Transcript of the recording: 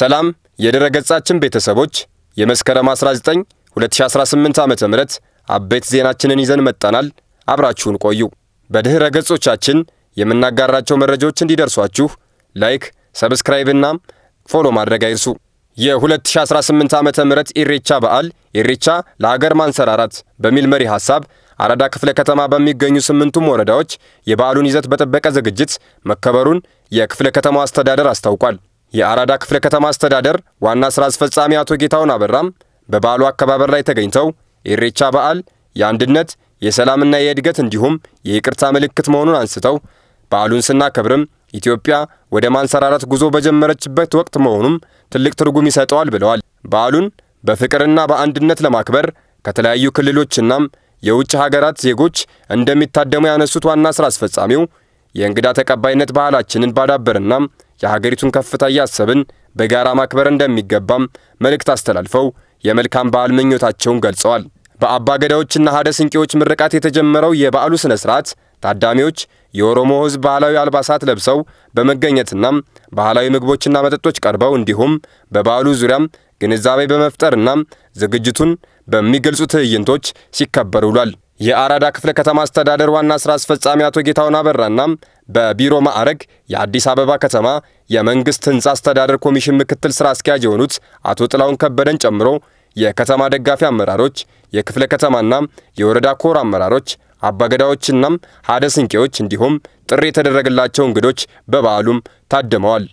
ሰላም የድረገጻችን ቤተሰቦች የመስከረም 19 2018 ዓ.ም ምረት አበይት ዜናችንን ይዘን መጣናል። አብራችሁን ቆዩ። በድህረ ገጾቻችን የምናጋራቸው መረጃዎች እንዲደርሷችሁ ላይክ፣ ሰብስክራይብና ፎሎ ማድረግ አይርሱ። የ2018 ዓ ም ኢሬቻ በዓል ኢሬቻ ለአገር ማንሰራራት በሚል መሪ ሐሳብ አራዳ ክፍለ ከተማ በሚገኙ ስምንቱም ወረዳዎች የበዓሉን ይዘት በጠበቀ ዝግጅት መከበሩን የክፍለ ከተማው አስተዳደር አስታውቋል። የአራዳ ክፍለ ከተማ አስተዳደር ዋና ሥራ አስፈጻሚ አቶ ጌታውን አበራም በበዓሉ አከባበር ላይ ተገኝተው ኢሬቻ በዓል የአንድነት የሰላምና የእድገት እንዲሁም የይቅርታ ምልክት መሆኑን አንስተው በዓሉን ስናከብርም ኢትዮጵያ ወደ ማንሰራራት ጉዞ በጀመረችበት ወቅት መሆኑም ትልቅ ትርጉም ይሰጠዋል ብለዋል። በዓሉን በፍቅርና በአንድነት ለማክበር ከተለያዩ ክልሎችናም የውጭ ሀገራት ዜጎች እንደሚታደሙ ያነሱት ዋና ስራ አስፈጻሚው የእንግዳ ተቀባይነት ባህላችንን ባዳበርናም የሀገሪቱን ከፍታ እያሰብን በጋራ ማክበር እንደሚገባም መልእክት አስተላልፈው የመልካም በዓል ምኞታቸውን ገልጸዋል። በአባ ገዳዎችና ሀደ ስንቄዎች ምርቃት የተጀመረው የበዓሉ ስነስርዓት ታዳሚዎች የኦሮሞ ህዝብ ባህላዊ አልባሳት ለብሰው በመገኘትና ባህላዊ ምግቦችና መጠጦች ቀርበው እንዲሁም በበዓሉ ዙሪያም ግንዛቤ በመፍጠርና ዝግጅቱን በሚገልጹ ትዕይንቶች ሲከበር ውሏል። የአራዳ ክፍለ ከተማ አስተዳደር ዋና ስራ አስፈጻሚ አቶ ጌታውን አበራና በቢሮ ማዕረግ የአዲስ አበባ ከተማ የመንግስት ህንፃ አስተዳደር ኮሚሽን ምክትል ስራ አስኪያጅ የሆኑት አቶ ጥላውን ከበደን ጨምሮ የከተማ ደጋፊ አመራሮች፣ የክፍለ ከተማና የወረዳ ኮር አመራሮች አባገዳዎችናም ሀደ ስንቄዎች እንዲሁም ጥሪ የተደረገላቸው እንግዶች በበዓሉም ታድመዋል።